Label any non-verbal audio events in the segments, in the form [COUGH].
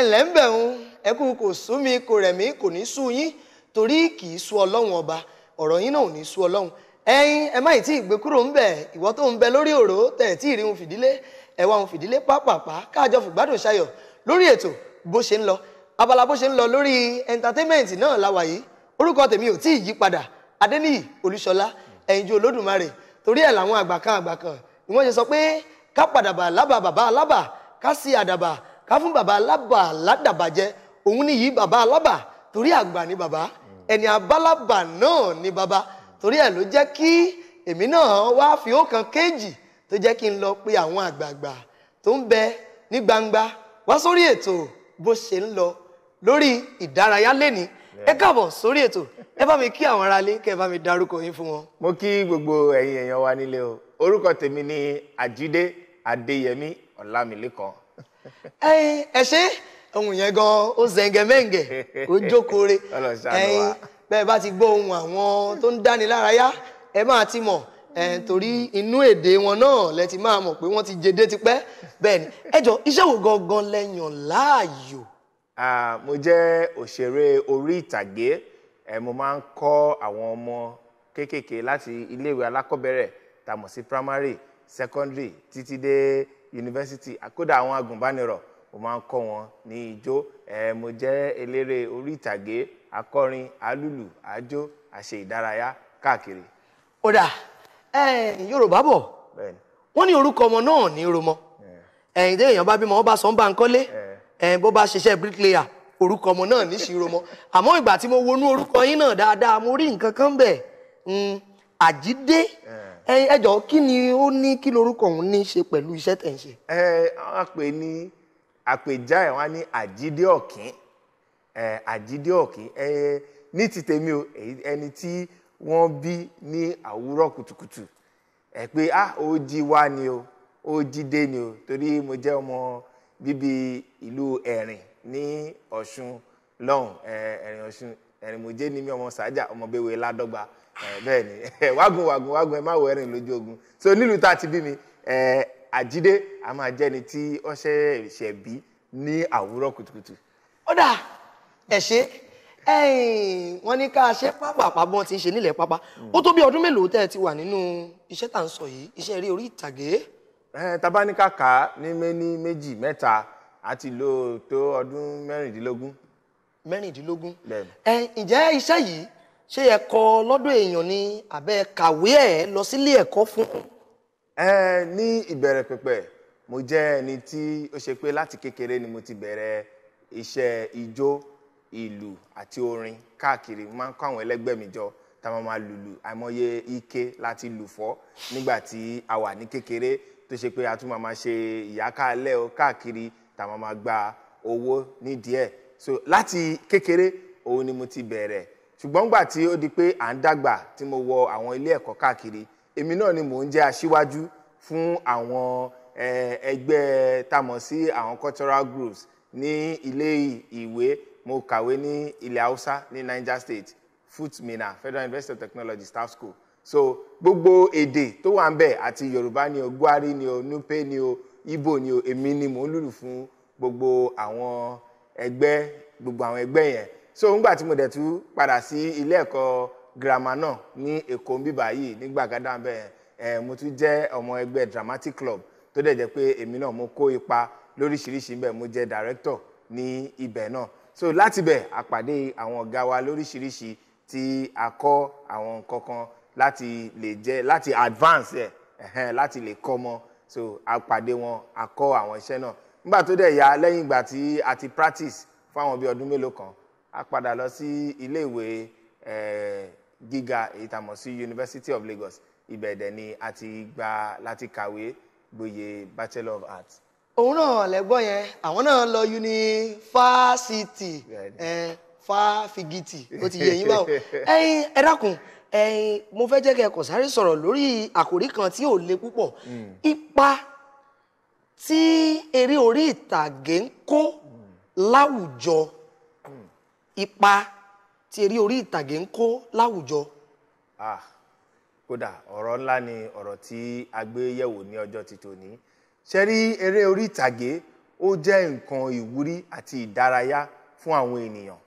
ẹ̀lẹ́ ń bẹ̀ ń ẹkún kò sú mi kò rẹ̀ mí kò ní sú yín torí kì í sú ọlọ́run ọba ọ̀rọ̀ yín náà ò ní sú ọlọ́run ẹ̀yin ẹ má tí ì gbé kúrò ń bẹ̀ ìwọ tó ń bẹ lórí òró tẹ̀ tí ì rí ohun fìdílé ẹ̀wà ohun fìdílé pápápá káàjọ fìgbádùn ṣayọ̀ lórí ètò bó ṣe ń lọ abala bó ṣe ń lọ lórí entertainment náà la wà yìí orúkọ tèmi ò tí ì yí padà adéníyì olúṣọlá ẹ̀yinjú olódùmarè torí ẹ̀ làwọn àgbà kan àgbà kan ni wọ́n ṣe sọ pé ká padàbà lábà bàbá alábà ká sí àdàbà ká fún bàbá alábà aládàbàjẹ́ òun nìyí bàbá alábà torí àgbà ni bàbá ẹni abálábà náà ni bàbá torí ẹ̀ ló jẹ́ kí èmi náà wá fi ọkàn kéjì tó jẹ́ kí n lọ pe àwọn àgbààgbà tó ń bẹ ní gbangba wá sórí ètò bó ṣe ń lọ lórí ìdárayá lẹ́ni ẹ káàbọ̀ sórí ètò ẹ bá mi kí àwọn aráalé kẹ ẹ bá mi darúkọ yín fún wọn. mo kí gbogbo ẹ̀yin èèyàn wa nílé o orúkọ tèmi ni àjídé adéyẹmí ọlámilékan ẹ ṣe ohun yẹn gan ó zẹngẹmẹngẹ kó jókòó ẹyin bẹ́ẹ̀ bá ti gbọ́ ohun àwọn tó ń dáni lárayá ẹ máa ti mọ̀ torí inú èdè wọn náà lẹ ti máa mọ̀ pé wọ́n ti jẹdé tipẹ́ bẹ́ẹ̀ ni ẹ jọ iṣẹ́ wo gangan lẹ láàyò. mo jẹ́ òṣèré orí ìtàgé mo máa ń kọ́ àwọn ọmọ kéékèèké láti iléèwé alákọ̀ọ́bẹ̀rẹ̀ tá sí primary secondary títí dé yunifásitì àkódà àwọn agùnbánirọ̀ mo máa ń kọ́ wọn ní ijó mo jẹ́ eléré orí ìtàgé akọrin alùlù àjó àṣe ìdárayá káàkiri. ó dà yorùbá bọ̀ wọ́n ní orúkọ ọmọ náà ní romọ ẹ̀yìn téèyàn bá bímọ wọ́n bá sọ ń bá ń kọ́lé bó bá ṣiṣẹ́ bricklayer orúkọ ọmọ náà ní ṣìromọ àmọ́ ìgbà tí mo wọnú orúkọ yín náà dáadáa mo rí nǹkan kan bẹ̀ hmm, àjídé. Yeah ẹ̀yin ẹ jọ̀ọ́ kí ni ó ní kí lorúkọ òun ní ṣe pẹ̀lú iṣẹ́ tẹ̀ ń ṣe. ẹ wọn pè ní àpèjá ẹ wọn ní àjídé ọ̀kín ẹ àjídé ọ̀kín ẹ ní ti tèmi o ẹni tí wọ́n bí ní àwúrọ̀ kùtùkùtù ẹ pé ah ó jí wá ni o ó jí dé ni o torí mo jẹ́ ọmọ bíbí ìlú ẹ̀rìn ní ọ̀ṣun lọ́hùn ẹ̀rìn ọ̀ṣun ẹ̀rìn mòjé ni mi ọmọ sàájà ọmọ bẹ́wẹ́ ládọ́gba bẹ́ẹ̀ ni wágùn wágùn wágùn ẹ má wọ ẹrìn lójú ogun so nílùú tá a ti bí mi àjídé a máa jẹ́ni tí ó ṣe ṣe bí ní àwúrọ̀ kùtùkùtù. ó dà ẹ ṣe wọn ní ká ṣe pápápá bọ́n ti ń ṣe nílẹ̀ pápá hmm. ó tó bí ọdún mélòó tẹ́ ẹ ti wà nínú iṣẹ́ tá à ń sọ yìí iṣẹ́ eré orí ìtàgé. tabaníkà kà ní méní méjì mẹ́ta àti lò tó ọdún mẹ́rìndínlógún. mẹ́rìndínlógún ǹjẹ́ iṣẹ́ yìí ṣé ẹ kọ lọ́dọ̀ èèyàn ni àbẹ́ kàwé ẹ̀ lọ sílé ẹ̀kọ́ fún. ẹ ní ìbẹ̀rẹ̀ pẹ̀pẹ̀ mo jẹ́ ẹni tí ó ṣe pé láti kékeré ni mo ti bẹ̀rẹ̀ iṣẹ́ ijó ìlù àti orin káàkiri mo máa ń kó àwọn ẹlẹgbẹ́ mi jọ tá a máa máa lùlù àìmọye ike láti lù fọ́ nígbà tí a wà ní kékeré tó ṣe pé a tún máa máa ṣe ìyákálẹ̀ o káàkiri tá a máa máa gba owó nídìí ẹ̀ so láti kékeré òun ni mo ti bẹ̀rẹ̀ ṣùgbọ́n gbà tí ó di pé à ń dàgbà tí mo wọ àwọn ilé ẹ̀kọ́ káàkiri èmi náà ni mò ń jẹ́ aṣíwájú fún àwọn ẹgbẹ́ tá mọ̀ sí àwọn cultural groups ní ilé ìwé mo kàwé ní ilẹ̀ haúsá ní Niger State FUTMINA Federal University of Technology Staff School so gbogbo èdè tó wà ń bẹ̀ àti Yorùbá ni o Gwari ni o Nupe ni o Igbo ni o èmi ni mò ń lùlù fún gbogbo àwọn ẹgbẹ́ gbogbo àwọn ẹgbẹ́ yẹn so ńgbà tí mo dẹ̀ tún padà sí ilé ẹ̀kọ́ girama náà ní èkó ń bíbá yìí ní Gbàgádà bẹ́ẹ̀ mo tún jẹ́ ọmọ ẹgbẹ́ dramatic club tó dẹ̀ jẹ́ pé èmi náà mo kó ipa lóríṣiríṣi ń bẹ̀ mo jẹ́ director ni ibẹ̀ náà so lati bẹ̀ àpàdé àwọn ọ̀gá wa lóríṣiríṣi tí a kọ́ àwọn nǹkan kan láti lè lati láti advance ẹ̀ ẹ̀hẹ́n láti lè kọ́ so àpàdé wọn a kọ́ àwọn iṣẹ́ náà nígbà tó dẹ̀ yá lẹ́yìn ìgbà tí practice fún àwọn bíi ọdún kan a padà lọ sí ilé gíga èyí tá a mọ̀ sí University of Lagos ibẹ̀ dẹ̀ ni a ti gba láti kàwé gboyè Bachelor of Arts. òun náà lẹ́gbọ́n yẹn àwọn náà lọ yunifásitì fáfigìtì ó ti yé yín báwo [LAUGHS] ẹ̀yin ẹ dákun ẹ̀yin mo fẹ́ jẹ́ kẹ́ ẹ kọ̀ sáré sọ̀rọ̀ lórí àkòrí kan tí ò le púpọ̀ hmm. ipa tí eré orí ìtàgé ń kó láwùjọ ipa tí eré orí ìtàgé ń kó láwùjọ. Ah, kódà ọ̀rọ̀ ńlá ni ọ̀rọ̀ tí a gbé yẹ̀wò ní ọjọ́ ti tòní ṣe rí eré orí ìtàgé ó jẹ́ nǹkan ìwúrí àti ìdárayá fún àwọn ènìyàn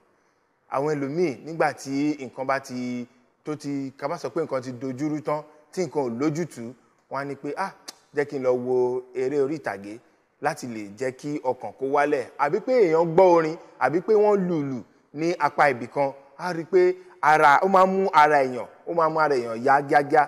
àwọn ẹlòmíì nígbà tí nǹkan bá ti tó ti ká bá sọ pé nǹkan ti dojúrú tán tí nǹkan ò lójútùú wọn á ní pé ah jẹ́ kí n lọ wo eré orí ìtàgé láti lè jẹ́ kí ọkàn kó wálẹ̀ àbí pé èèyàn gbọ́ orin àbí pé wọ́n lùlù ní apá ibì kan á rí i pé ara ó máa ń mú ara èèyàn ó máa ń mú ara èèyàn yá gíágíá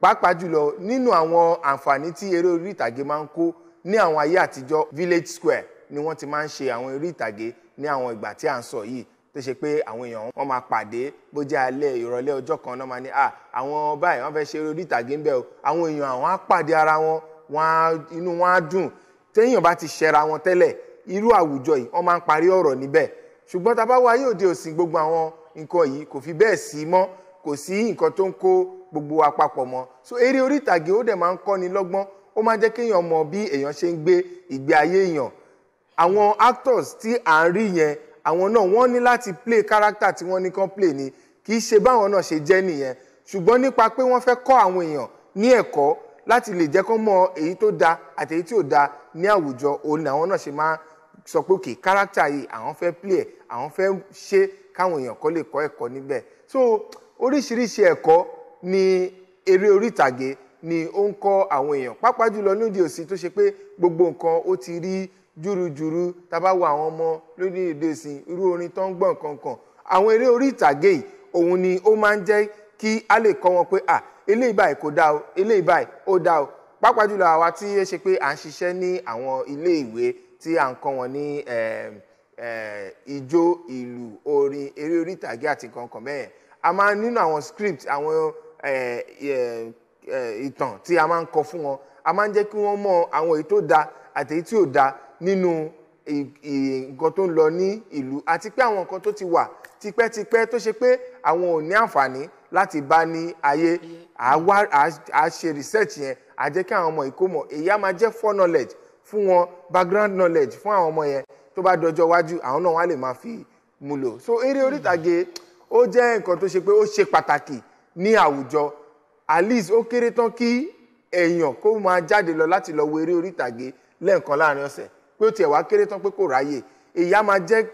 pàápàá jùlọ nínú àwọn àǹfààní tí eré orí ìtàgé máa ń kó ní àwọn ayé àtijọ́ village square ni wọ́n ti máa ń ṣe àwọn eré ìtàgé ní àwọn ìgbà tí à ń sọ yìí tó ṣe pé àwọn èèyàn wọn máa pàdé bó jẹ́ alẹ́ ìrọ̀lẹ́ ọjọ́ kan náà máa ní à àwọn báyìí wọ́n fẹ́ẹ́ ṣe eré orí ìtàgé ń bẹ o àwọn èèyàn àwọn á pàdé ara wọn inú wọn á dùn téèyàn bá ti ṣẹra wọn tẹ́lẹ̀ irú àwùjọ yìí wọ́n máa ń parí ọ̀rọ̀ níbẹ̀ ṣùgbọ́n tá a bá wá ayé òde òsìn gbogbo àwọn nǹkan yìí kò fi bẹ́ẹ̀ sí mọ́ kò sí nǹkan tó ń kó gbogbo apapọ̀ mọ́ so eré orí ìtàgé ó dẹ̀ máa ń kọ́ni lọ́gbọ́n ó máa ń jẹ́ kéèyàn mọ bí èèyàn ṣe ń gbé ìgbé ayé èèyàn àwọn actors tí à ń rí yẹn àwọn náà wọ́n ní láti play character tí wọ́n ní kán play ni kì í ṣe báwọn náà ṣe jẹ́ nìyẹn ṣùgbọ́n nípa pé wọ́n fẹ́ kọ́ àwọn èèyàn ní ẹ̀kọ́ láti lè jẹ́ kán mọ èyí tó da àti èyí tí ò da ní àwùjọ òun làwọn náà ṣe máa sọ pé òkè kárákítà yìí àwọn fẹ́ play ẹ̀ àwọn fẹ́ ṣe káwọn èèyàn kọ́ lè kọ́ ẹ̀kọ́ níbẹ̀ so oríṣiríṣi ẹ̀kọ́ ni eré orí ni ó ń kọ́ àwọn èèyàn pàápàá jùlọ lóde òsì tó ṣe pé gbogbo nǹkan ó ti rí júrujùru tá a bá wo àwọn ọmọ lóde èdè ìsìn irú orin tó ń gbọ̀n kankan àwọn eré orí ìtàgé yìí òun ni ó máa ń jẹ́ kí a lè kọ́ wọn pé ah eléyìí báyìí kò dáa o eléyìí báyìí ó dáa o pàápàá jùlọ àwa tí ó ṣe pé à ń ṣiṣẹ́ ní àwọn ilé ìwé tí à ń kọ́ wọn ní eh, eh, ijó ìlú orin eré orí ìtàgé àti kankan bẹ́ẹ̀ a máa nínú àwọn script àwọn eh, ìtàn tí a máa ń kọ fún wọn a máa ń jẹ́ kí wọ́n mọ àwọn èyí tó da àti èyí tí ò da nínú nǹkan tó ń lọ ní ìlú àti pé àwọn nǹkan tó ti wà tipẹ́tipẹ́ tó ṣe pé àwọn ò ní àǹfààní láti bá ní ayé àá ṣe research yẹn àá jẹ́ kí àwọn ọmọ ìkó mọ̀ èyí á máa jẹ́ for knowledge fún wọn background knowledge fún àwọn ọmọ yẹn tó bá dọjọ́ iwájú àwọn náà wọ́n á lè máa fi mú lò so eré orí ìtàgé ó jẹ́ nǹkan tó ṣe pé ó ṣe pàtàkì ní àwùjọ at least ó kéré tán kí èèyàn kó máa jáde lọ láti lọ wo eré orí ìtàgé lẹ́ẹ̀kan láàrin ọ̀sẹ̀ pé ó tiẹ̀ wá kéré tán pé kò ráyè èyí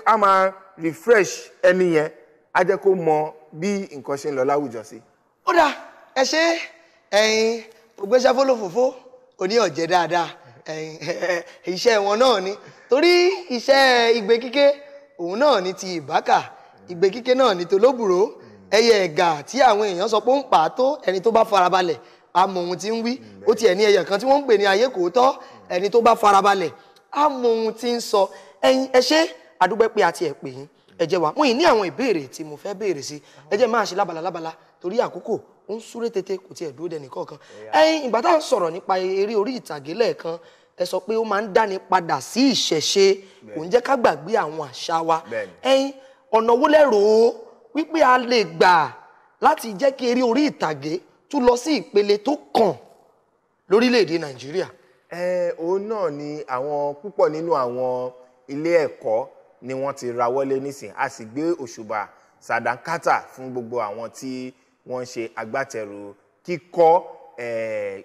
á máa refresh ẹni yẹn á jẹ́ kó mọ bí nǹkan ṣe ń lọ láwùjọ sí. ó dáa ẹ ṣe ẹyin ògbésàfólòfòfó òní ọ̀jẹ̀ dáadáa iṣẹ́ wọn náà ni torí iṣẹ́ igbe kíké òun náà ni ti ìbákà igbe kíké náà ni tolóbùrò ẹyẹ ẹ̀gà tí àwọn èèyàn sọ pé ó ń pa tó ẹni tó bá farabalẹ̀ àmọ́ ohun tí ń wí ó tiẹ̀ ní ẹyẹ kan tí wọ́n ń pè ní ayé kòótọ́ ẹni tó bá farabalẹ̀ àmọ́ ohun tí ń sọ ẹyin ẹ ṣé àdúgbẹ́ pé àti ẹ̀ pè yín ẹ jẹ́ wá mo ì ní àwọn ìbéèrè tí mo fẹ́ béèrè sí ẹ máa ṣe lábala lábala torí àkókò ó ń súré tètè kò tiẹ̀ dúró dẹnì kọ̀ọ̀kan ẹ̀yin ìgbà tá à ń sọ̀rọ̀ nípa eré orí ìtàgé lẹ́ẹ̀kan ẹ sọ pé ó máa ń dáni padà sí ìṣẹ̀ṣe kò ń jẹ́ ká gbàgbé àwọn àṣà wa ẹ̀yin ọ̀nà wo lẹ́rò ó wípé a lè gbà láti jẹ́ kí eré orí ìtàgé tún lọ sí ìpele tó kàn lórílẹ̀‐èdè Nàìjíríà. ẹ òun náà ni àwọn púpọ̀ nínú àwọn ilé ẹ̀kọ́ ni wọ́n ti rawọ́lé nísìn a sì gbé òṣùbà sàdánkátà fún gbogbo àwọn tí wọ́n ṣe agbátẹrù kíkọ́ eh,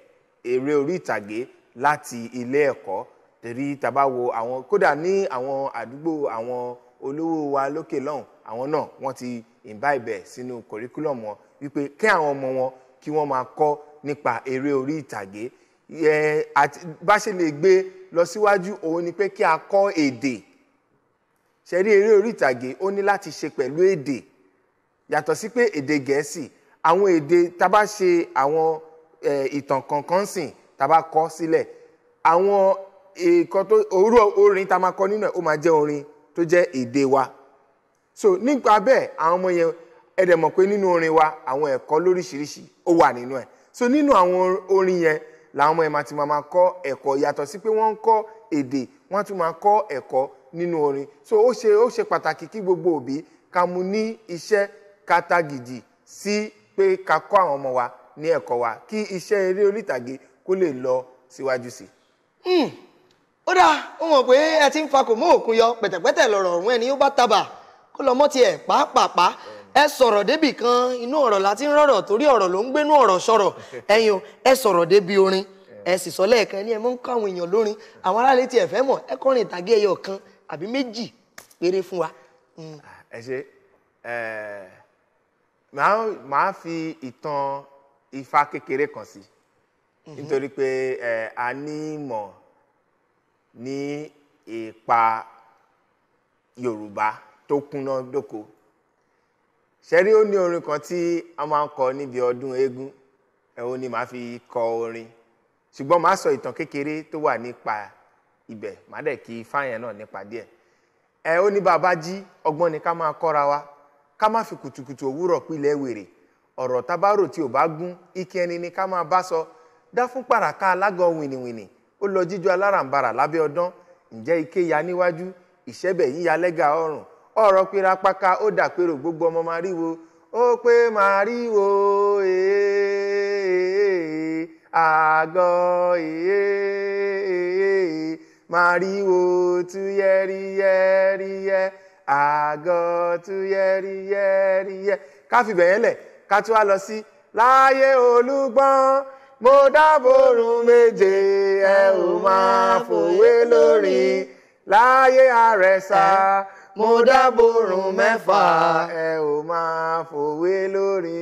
eré orí ìtàgé láti ilé ẹ̀kọ́ torí tàbá wo àwọn kódà ní àwọn àdúgbò àwọn olówó wa lókè lọ́hùn àwọn náà wọ́n ti imbibe sínú curriculum wọn wípé kí àwọn ọmọ wọn kí wọ́n máa kọ́ nípa eré orí ìtàgé àti bá ṣe lè gbé lọ síwájú òun ni pé kí a kọ́ èdè ṣe rí eré orí ìtàgé ó ní láti ṣe pẹ̀lú èdè yàtọ̀ sí pé èdè gẹ̀ẹ́sì àwọn èdè tá a bá ṣe àwọn ìtàn kankan sìn tá a bá kọ sílẹ̀ àwọn nǹkan tó orú orin tá a máa kọ nínú ẹ̀ ó máa jẹ́ orin tó jẹ́ èdè wa so nípa bẹ́ẹ̀ àwọn ọmọ yẹn ẹ dẹ̀ mọ̀ pé nínú orin wa àwọn ẹ̀kọ́ lóríṣiríṣi ó wà nínú ẹ̀ so nínú àwọn orin yẹn làwọn ọmọ yẹn máa ti máa kọ́ ẹ̀kọ́ yàtọ̀ sí pé wọ́n ń kọ́ èdè wọ́n tún máa kọ́ ẹ̀kọ́ nínú orin so ó ṣe ó ṣe pàtàkì kí gbogbo òbí ká mú ní iṣẹ́ kátàgìdì sí pé ká kọ́ àwọn ọmọ wa ní ẹ̀kọ́ wa kí iṣẹ́ eré orítàgé kó lè lọ síwájú sí i. Hmm. ó dáa ó mọ̀ pé ẹ ti ń fakò mọ́ òkun yọ pẹ̀tẹ̀pẹ̀tẹ̀ lọ̀rọ̀ ọ̀run ẹni yóò bá tabà kó lọ mọ́ tiẹ̀ pàápàá ẹ sọ̀rọ̀ débì kan inú ọ̀rọ̀ láti ń rọ̀rọ̀ torí ọ̀rọ̀ ló ń gbénú ọ̀rọ̀ sọ̀rọ̀ [LAUGHS] ẹ̀yin o ẹ sọ̀rọ̀ débi orin ẹ sì sọ lẹ́ẹ̀kan ní ẹ mọ́ ń kọ́ àwọn èèyàn lórin àwọn aráàlú tiẹ̀ fẹ́ mọ̀ ẹ kọrin ìtàgé ẹyọ kan àbí méjì péré fún wa. Hmm. ẹ ṣe ẹ màá màá fi ìtàn ifá kékeré kan si. Mhm. nítorí pé ẹ a ní mọ̀ ní ipa yorùbá tó kúnná dóko ṣẹ́rí ó ní orin kan tí a máa ń kọ níbi ọdún eégún ó ni màá fi kọ orin ṣùgbọ́n màá sọ ìtàn kékeré tó wà nípa ibẹ̀ màá dẹ̀ kí ifá yẹn náà nípa díẹ̀ ẹ ó ní bàbá jí ọgbọ́n ni ká máa kọ́ra wa ká má fi kùtùkùtù òwúrọ̀ pilẹ̀ wèrè ọ̀rọ̀ tábàrò tí ò bá gún ike ẹni ni ká máa bá sọ dá fún pàràkà alágọ̀ wìnìwìnì ó lọ jíjọ alárànbarà lábẹ́ ọdán ǹjẹ́ ike ya níwájú ìṣẹ́bẹ̀ yíya lẹ́gà ọrùn ọ̀rọ̀ pera paka ó dà pérò gbogbo ọmọ máa rí wo ó pé máa rí wo àgọ́ máa rí wo tú àgọ́ tu yẹ́rí yẹ́rí yẹ́ ká fi bẹ̀yẹn lẹ̀ ká tún wá lọ sí láyé olúgbọ́n mo dábòrùn méje ẹ ò máa fòwe lórí láyé àrẹ̀sà mo dábòrùn mẹ́fà ẹ ò máa fòwe lórí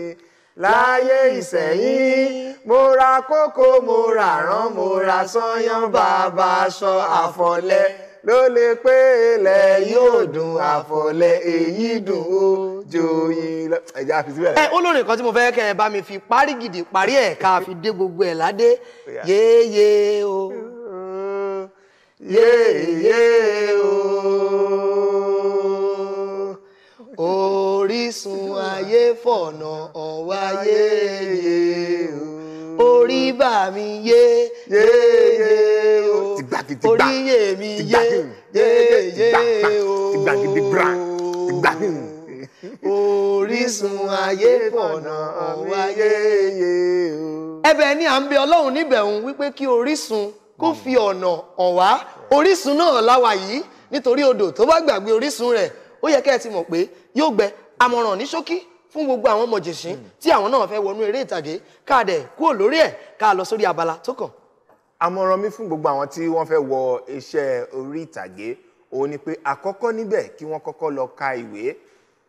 láyé ìsẹ̀yìn mo ra kókó mo ra rán mo ra sányán bàbá aṣọ àfọ̀lẹ́ ló lè pé ilẹ̀ yóò dùn àfọ̀lẹ̀ èyí dùn ó joyin lọ. ẹja fi síbẹ̀. ẹ olórin kan tí mo fẹ́ kẹ́ ẹ bá mi fi parí gidi parí ẹ̀ ká fi dé gbogbo ẹ̀ ládé yéèyé o yéèyé o orísun ayé fọ̀nà ọ̀wá yéèyé o orí bàmí yéèyé o orí yé mi yé yé yé o orísun ayé pọ̀nà ọ̀hún ayé yé o. ẹ̀bẹ̀ ni à ń bẹ Ọlọ́run níbẹ̀ òun wípé kí orísun kó fi ọ̀nà hàn wá orísun náà láwa yìí nítorí odò tó bá gbàgbé orísun rẹ̀ ó yẹ kẹ́ ẹ ti mọ̀ pé yóò gbẹ àmọ̀ràn ní ṣókí fún gbogbo àwọn mọ̀jẹ̀sín hmm. tí àwọn náà fẹ́ wọnú eré ìtàgé káàdẹ̀ kúrò lórí ẹ̀ ká lọ sórí abala tó kàn àmọ̀ràn mi fún gbogbo àwọn tí wọ́n fẹ́ wọ iṣẹ́ orí ìtàgé òun ni pé àkọ́kọ́ níbẹ̀ kí wọ́n kọ́kọ́ lọ ka ìwé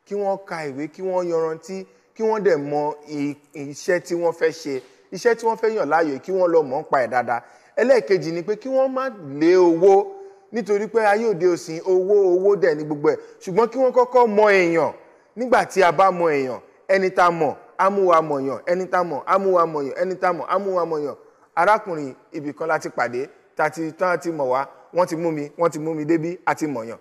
kí wọ́n ka ìwé kí wọ́n yanrantí kí wọ́n dẹ̀ mọ iṣẹ́ tí wọ́n fẹ́ ṣe iṣẹ́ tí wọ́n fẹ́ yàn láàyò kí wọ́n lọ mọ̀ ń pa ẹ̀ dáadáa ẹlẹ́ẹ̀kejì ni pé kí wọ́n má lé owó nítorí pé ayé òde òsìn owó owó dẹ̀ ní gbogbo ẹ̀ ṣùgbọ́n kí wọ́n kọ́kọ́ mọ èèyàn nígbà tí a bá mọ èèyàn ẹni tá mọ̀ amúwa mọ̀yàn ẹni tá mọ̀ amúwa mọ̀yàn ẹni tá mọ̀ amúwa mọ̀yàn arákùnrin ibì kan láti pàdé tàti tán ti mọ̀ wá wọ́n ti mú mi wọ́n ti mú mi débí àti mọ̀yàn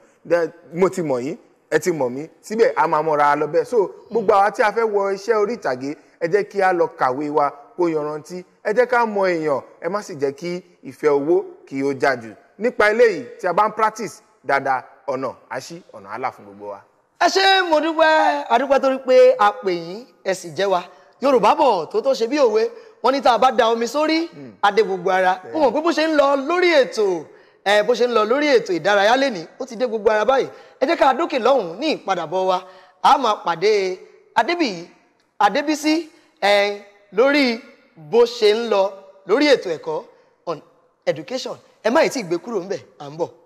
mo ti mọ̀ yín ẹ ti mọ̀ mí síbẹ̀ a máa mọ̀ra lọ bẹ́ẹ̀ so gbogbo àwa tí a fẹ́ wọ iṣẹ́ orí ìtàgé ẹ jẹ́ kí a lọ kàwé wa kó yanrantí ẹ jẹ́ ká mọ èèyàn ẹ má sì jẹ́ kí ìfẹ́ owó kí ó já jù nípa eléyìí tí a bá ń practice dáadáa ọ̀nà àṣì ọ̀nà àlà fún gbogbo wa. ẹ ṣe mo dúpẹ́ adúpẹ́ torí pé a pè yín ẹ sì jẹ́ wa Yorùbá bọ̀ tó tó ṣe bí òwe wọ́n ní tá a bá da omi sórí hmm. adé gbogbo ara ó mọ̀ pé bó ṣe ń lọ lórí ètò ẹ bó ṣe ń lọ lórí ètò ìdárayá lénìí ó ti dé gbogbo ara báyìí ẹ jẹ́ ká dókè lọ́hùn ní ìpadàbọ̀ wa a máa pàdé adébíyí adébísí ẹ lórí bó ṣe ń lọ lórí ètò ẹ̀kọ́ on education ẹ má ì tí ì gbé kúrò ńbẹ̀ à ń bọ̀.